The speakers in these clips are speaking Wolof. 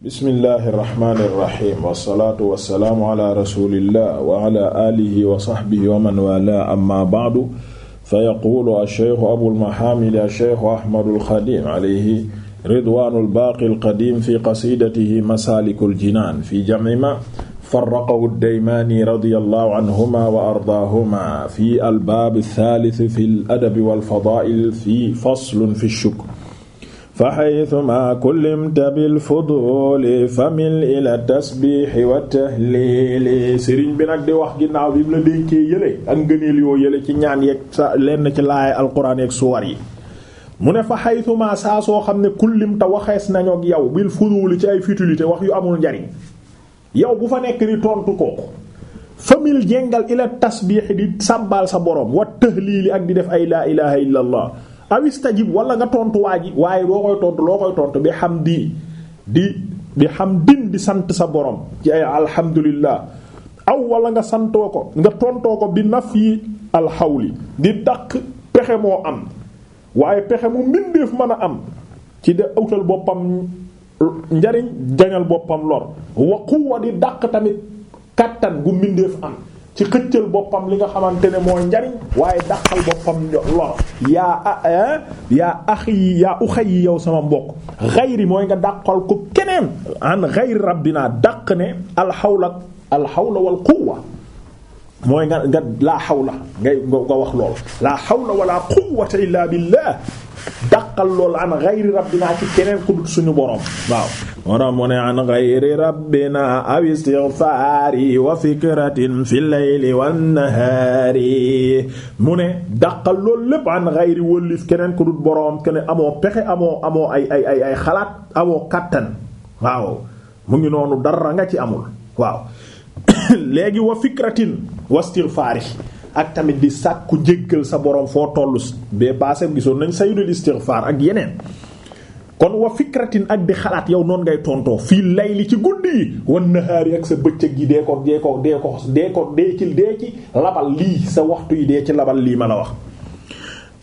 bismillahi irrahmani irrahim wassalaatu wassalaamu ala rasulillah wa ala alihi wa sahbihi wa man wala amma baadu fa yaquulu alcheikhu abulmahamidi alcheikhu ahmadu alxadim alayhi ridwanu albaaqi alqadim fi qasidatihi masaaliku aljinaan fi jamci ma farraqahu addaymaani radi allahu anhuma wa ardaahuma fi albaabi althalith fi aladabi walfadaa'il fi faslun fi shukr fa xaytuma kullimta bil fuduli famil ila tasbiixi wa tahliili sëriñ bi nag di wax ginaaw bi mu la dénkee yële ak ngëneel yoo yële ci ñaan yeeg sa lenn ci laaya alquran yeeg suwar yi mu ne fa xaytuma saa soo xam ne kullimta waxees nañu ak yow bil fuduli ci ay futilité wax yu amul njariñ yow bu fa nekk di tontu kooku famil jengal ila tasbiixi di sàbbaal sa borom wa tahliili ak di def ay laa ilaaha illallah awis tajib wala nga tontu waa ji waaye loo koy tontu loo koy tontu bi xam di di bi xam din di sant sa borom ci ay alhamdulillah aw walla nga santoo ko nga tontoo ko bi naf yi alxawli di daq pexe moo am waaye pexe mu mbindeef mën a am ci de awtal boppam njariñ jañal boppam lor wa quwwa di daq tamit kàttan gu mbindeef am ci xëccal boppam li nga xamante ne mooy njariñ waaye dàqal boppam lor yaa ah yaa ax yi yaa uxay yi yow sama mbokk xayri mooy nga dàqal ko keneen an xayri rabbina dàq ne alxawla alxawla wal quwwa mooy nga nga laa xawla ngay nga wax lool laa xawla wala quwwata illa billah daqal lool an ghayri rabbina ci keneen ku dul suñu borom waaw wara mu ne an ghayri rabbina aw istighfari wa fikratin fil layli wan nahari mu ne daqal lool lépp an ghayri wëllif keneen ku dul borom amoo pexe amoo amoo ay ay ay ay xalaat amoo kàttan waaw mu ngi noonu dara nga ci amul waaw léegi wa fikratin wastighfaari ak tamit di sàkku jéggal sa borom foo toll bee passé gisoon nañ sayyidul istighfar ak yeneen kon wa fikratin ak di xalaat yow noonu ngay tontoo fii layli ci guddi yi wan nahaari ak sa bëccëg yi dee ko dee ko dee ko dee ko dee ci dee ci labal lii sa waxtu yi dee ci labal lii ma la wax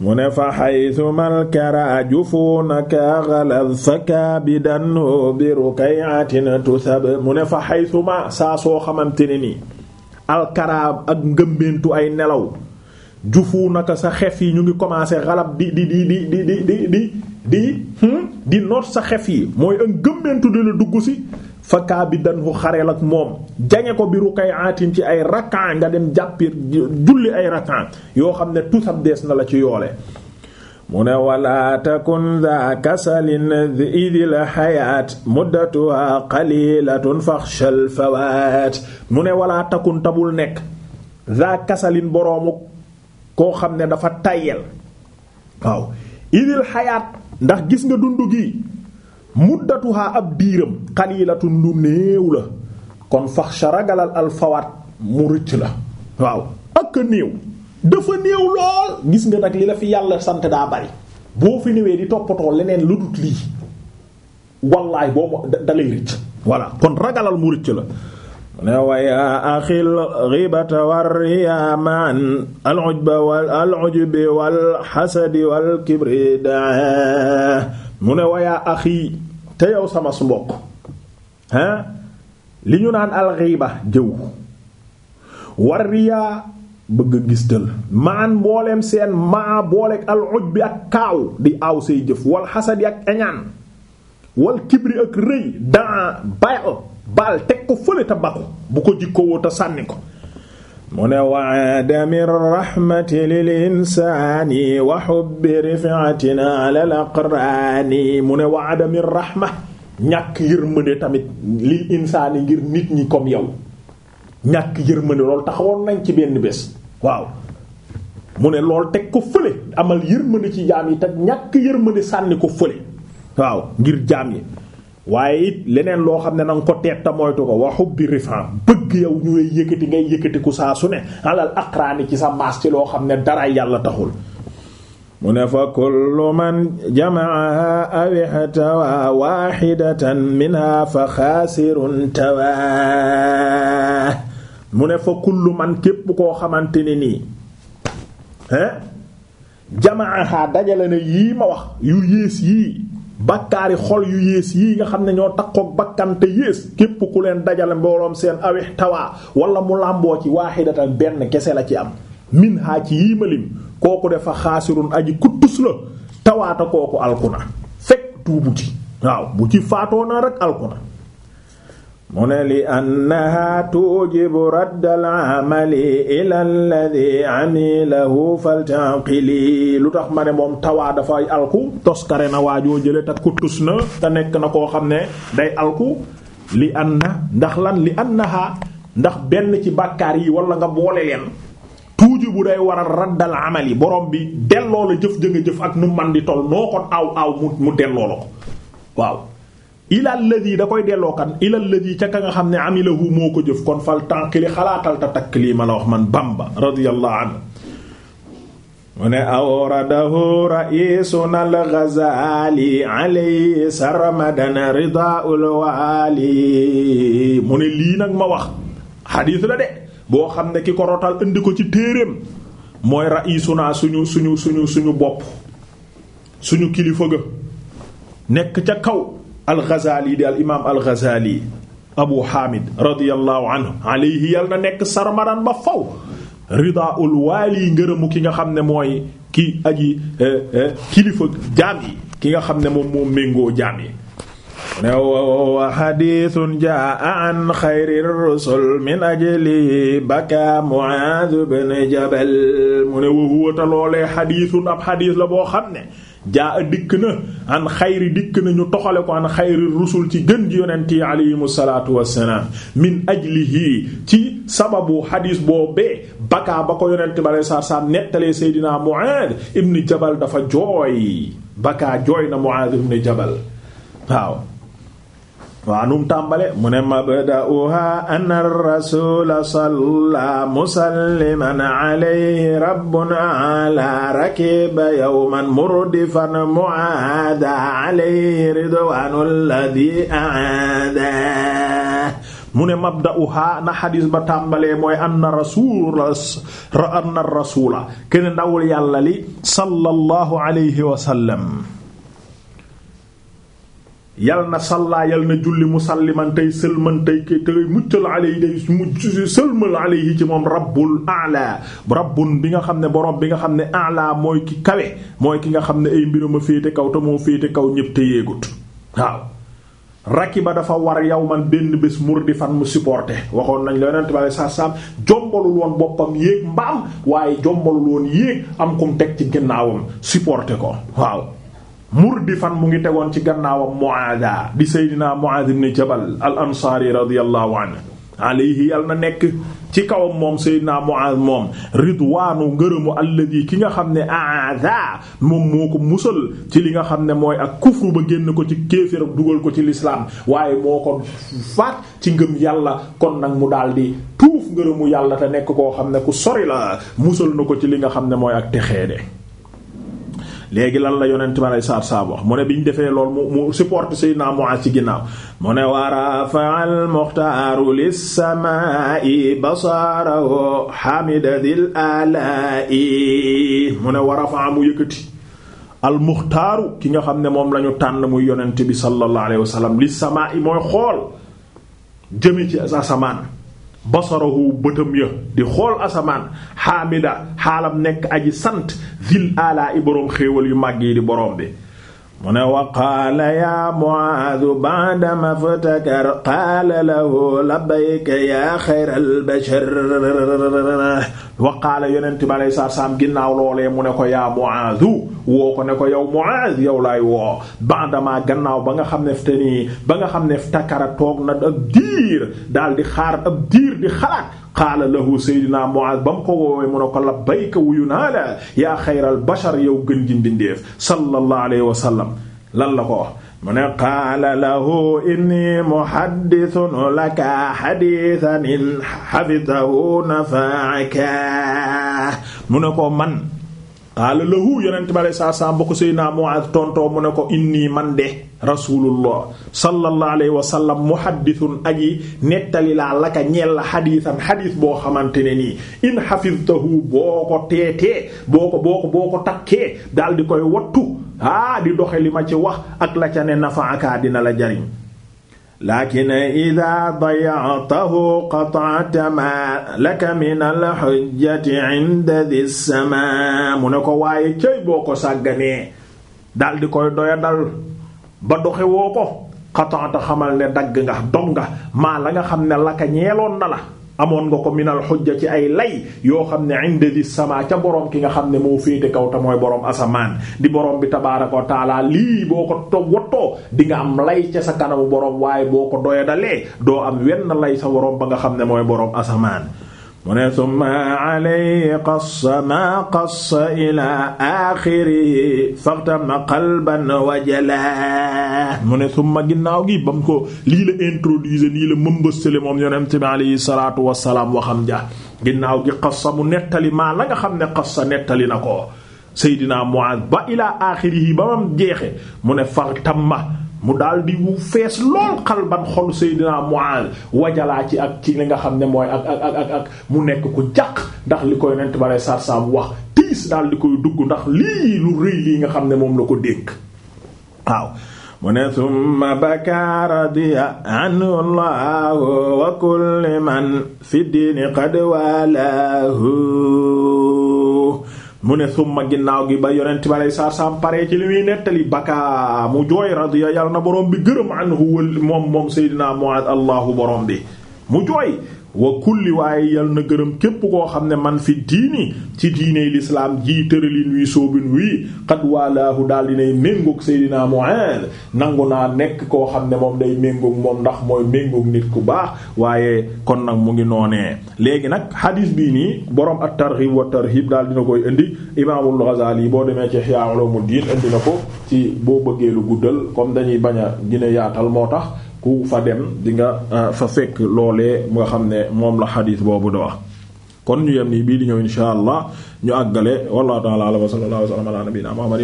mu ne fa xaytumal kara jufunaka xalal fa kaabidan bi rukay'atin tusab mu ne fa xaytuma saa soo xamante ne nii alkaraab ak ngëmbéntu ay nelaw jufu nag sa xef yi ñu ngi commencé xalab di di di di di di di di di hmm? di noot sa xef yi mooy ak ngëmbéntu di dugg si fakaa bi danhu xareel ak moom jange ko bi rukay atin ci ay rakkan nga dem jàppi julli ay rakkan yoo xam ne tusab dees na la ci yoole mu ne walaa takun daa kasalin idil xayaat muddatuha qalilatun faxshal fawaat mu ne walaa takun tabul nekk daa kasalin boroomu koo xam ne dafa tàyyel waaw idil xayaat ndax gis nga dund gi muddatuha ab diiram qalilatun lu néew la kon faxsha ragalal alfawaat mu rëcc la waaw ak néew dafa néew lool gis nga nag li la yàlla sant daa bari boo fi néewee di toppatoo leneen lu dut lii wallaay boobu da lay rëcc voilà kon ragalal mu rëcc la ne wayaa axil mu ne wayaa axi te yow sama su mbokk li ñu naan al xiba jëw war riyaa bëgg a gis tël maan mbooleem seen maa booleeg al bi ak kaaw di aaw say jëf wal xasadi ak eñaan wal kibri ak rëy daa bayal baal teg ko fële te bu ko jikkowoo te sànni ko mu ne wa adami rahmati lil insaani wa hubbi rifatina ala al mu ne wa adami ñàkk yërmande tamit lil insaani ngir nit ñi comme yow ñàkk yërmande loolu taxawoon nañ ci benn bés waaw mu ne lool teg ko fële amal yërmande ci jaam yi te ñàkk yërmande sànni ko fële waaw ngir jaam yi waaye it leneen loo xam ne na nga ko teet ta ko wa hubbi rifan bëgg yow ñu ngay yëkkati ngay yëkkati ku saa su ne alal aqraani ci sa maas ci loo xam ne dara yàlla taxul mu ne fa kullu man jamaaha awixtawaa waxidatan minha fa xaasirun tawa mu ne fa kullu man képp koo xamante ne nii hein jamaaha dajale na yii ma wax yu yées yii bakkaari xol yu yées yii nga xam ne ñoo takkook bakkan te yées képp ku leen dajale mbooloom seen awix tawaa wala mu làmboo ci waaxidatan benn kese la ci am min haa ci yii ma lim kooku defa xaasirun aji kuttus la tawaata kooku alkuna fekk tuubuti waaw bu ci faatoo na rek alkuna mu ne li annaha tujibu raddal amali ila alladhi amilahu faltaqili lu tax ma ne moom tawaa dafay alku toskare na waajoo jële te kuttus na te nekk na koo xam ne day alku li na ndax lan li annaha ndax benn ci bàkkaar yi wala nga boole leen tuujibu day waral raddal amali borom bi delloo la jëf jënga jëf ak nu man di tol noo kon aw aw mu mu delloo la ko waaw ilal ladhi da koy delloo kan ilal ladhi ca ka nga xam ne amilahu moo ko jëf kon fal tànqili xalaatal ta takk lii ma la wax man Bamba radiyallahu anhu mu ne awradahu raisuna al-Ghazali alayhi sarmadan ridaul waali mu ne lii nag ma wax xadiis la de boo xam ne ki ko rotal indi ko ci téereem mooy raisuna suñu suñu suñu suñu bopp suñu kilifa ga nekk ca kaw al-Ghazali di al imaam al-Ghazali Abu Hamid radiyallahu anhu alayhi yal na nekk sarmadan ba faw ridaul waali ngërëmu ki nga xam ne mooy ki aji eh, eh, kilifa jaam yi ki nga xam ne moom méngoo jaam yi ne wa xadiisun jaa an xayri rusul min ajli baka Muaaz bin Jabal mu ne wa loolee xadiisun ab xadiis la boo xam ne jaa dikk na an xayri dikk na ñu toxale ko an xayri rusul ci gën ji yonent yi alayhimu salaatu wassalaam min ajlihi ci sababu xadiis boobee bakaa ba ko yonent bi alayhi salaatu nettalee Seydina Muaaz ibn Jabal dafa jooy bakaa jooy na Muaaz ibn Jabal waaw waanum tàmbale mu ne mabda'uha anna rasula salla musalliman alayhi rabbun ala rakiba yawman murdifan mu'ada alayhi ridwanu alladhi aada mu ne mabda'uha na xadis ba tàmbalee mooy anna rasula anna rasula ken ndawul yàlla li sallallahu alayhi wa sallam yal na sallaa yal na julli musalliman tey sëlman tey tey muccal aleyhi day mucc sëlmal aleyhi ci moom rabbul a'la rabbun bi nga xam ne borom bi nga xam ne a'la mooy ki kawe mooy ki nga xam ne ay mbiram a féete kaw te moo féete kaw ñépp te yéegut waaw rakki ba dafa war yow man benn bés mur di fan mu supporté waxoon nañ la yonent bale saa sam jombalul woon boppam yéeg mbaam waaye jombalul woon yéeg am kum teg ci ginnaawam supporté ko waaw fan mu ngi tegoon ci gannaawam Muaada di Seydina Muaad ibn Jabal al ansaari radiyallahu anhu alayhi yal na nekk ci kawam moom Seydina Muaaz moom ridwaanu ngërëmu yi ki nga xam ne aada moom moo ko musal ci li nga xam ne mooy ak kufru ba génn ko ci kéefër ak dugal ko ci lislaam waaye moo ko faat ci ngëm yàlla kon nag mu daldi tuuf ngërëmu yàlla te nekk koo xam ne ku sori la musal na ko ci li nga xam ne mooy ak texeede léegi lan la yonent ma lay saar saab wax mu ne bi ñu defee lool mu mu supporte Seydina Muaaz ci ginnaaw mu ne warafa al muxtaaru lissamai basaarahu hamida dil alai mu ne warafa mu yëkkati al muxtaaru ki nga xam ne moom lañu tànn muy yonent bi sallallahu alayhi wa sallam lissamai mooy xool jëme ci asamaan basarahu bëtam ya di xool asamaan xaamida xaalam nekk aji sant zil ala i boroom xéewal yu màgg yi di borom bi mu ne wa qaala yaa Mu'aadu ba'dama ftakar qaala lahu labbayka yaa xayral bashar wa qaala yonent bi alayhi salaatu salaam ginnaaw loolee mu ne ko yaa Mu'aadu woo ko ne ko yow Mu'aad yow laay woo ba'dama gannaaw ba nga xam ne te nii ba nga xam ne ftakara toog na ab diir daal di xaar ab diir di xalaat qaala lahu sayyidina Mu'aaz ba mu ko woowee mu ne ko labbayka wuyu naa la yaa xayral bashar yow gën gi mbindeef sallallahu alayhi wa sallam lan la ko wax mu ne qaala lahu inni muhaddithun laka hadithan in hafidtahu nafaaka mu ne ko man qaala lahu yonent bi alayhi salaatu salaam ba ko Seydina Mu'aaz tontoo mu ne ko inni man de rasulullah sallallahu alayhi wa sallam muhaddithun aji nettali laa laka ñeel la xadiisan xadiis boo xamante ne nii in xafidtahu boo ko teetee boo ko boo ko ko takkee daal di koy wottu aa di doxe li ma ci wax ak la ca ne nafaaka dina la jariñ lakin ida dayatahu qataata ma laka min alxujjati inda di sama mu ne ko waaye cëy boo ko sàgganee dal di koy doya dal ba doxe woo ko qataata xamal ne dagg nga dog maa la nga xam ne laka ñeeloon na la amoon nga ko minal xujja ci ay lay yoo xam ne inde di sama ca borom ki nga xam ne moo féete kaw te mooy boroom asamaan di boroom bi tabaaraka wa taala lii boo ko tog wattoo di nga am lay ca sa kanamu borom waaye boo ko doyadalee doo am wenn lay sa woroom ba nga xam ne mooy borom asamaan mu ne summa alayhi qassa ma qassa ila axirihi faxtama qalban wajala mu ne summa ginnaaw gi bam ko lii la introduire nii la mëmbastale moom yonent bi alayhi salaatu wasalaam waxam ja ginnaaw gi qassa mu nettali maa la nga xam ne qassa nettali na ko Seydina Muaz ba ila axirihi ba mam jeexe mu ne faxtamma mu daal di wu fees lool xalban xol Seydina Muaaz wajalaa ci ak ci li nga xam ne mooy ak ak ak mu nekk ku jàq ndax li koy nent bare sarsam wax tiis daal di koy dugg ndax lii lu rëy lii nga xam ne moom la ko dénk waaw mu ne summa baka radiya anhu llahu wa kulli man fi diini qad walaahu mu ne summa ginnaaw gi ba yonent balay saar saam pare ci li muy nettali baka mu jooy radiya yàlla na boroom bi gërëm anhu moom moom Seydina Mu'aaz allahu borom bi mu jooy wa kulli waaye yal na gërëm képp koo xam ne man fi diini ci diiney lislaam ji tëralin wii soobin wii xat waalaahu daal dinay méngook Seydina Mu'aaz nangu naa nekk koo xam ne moom day méngoog moom ndax mooy méngoog nit ku baax waaye kon nag mu ngi noonee léegi nag xadiis bii nii borom at-Targhib wa Tarhib daal dina koy indi Imaamul Ghazali boo demee ci mu Ulumuddin indi na ko ci boo bëggee lu guddal kom dañuy bañ a gën yaatal moo tax ku fa dem di nga euh, fa fekk loolee mu nga xam ne moom la xadiis boobu da wax kon ñu yem nii bii di ñëw insha allah ñu àggale wallahu ta'ala wa sallallahu wa sallam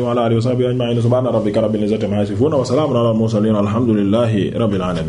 wa ala alihi wa sahbihi ajma'in subhana rabbika alamin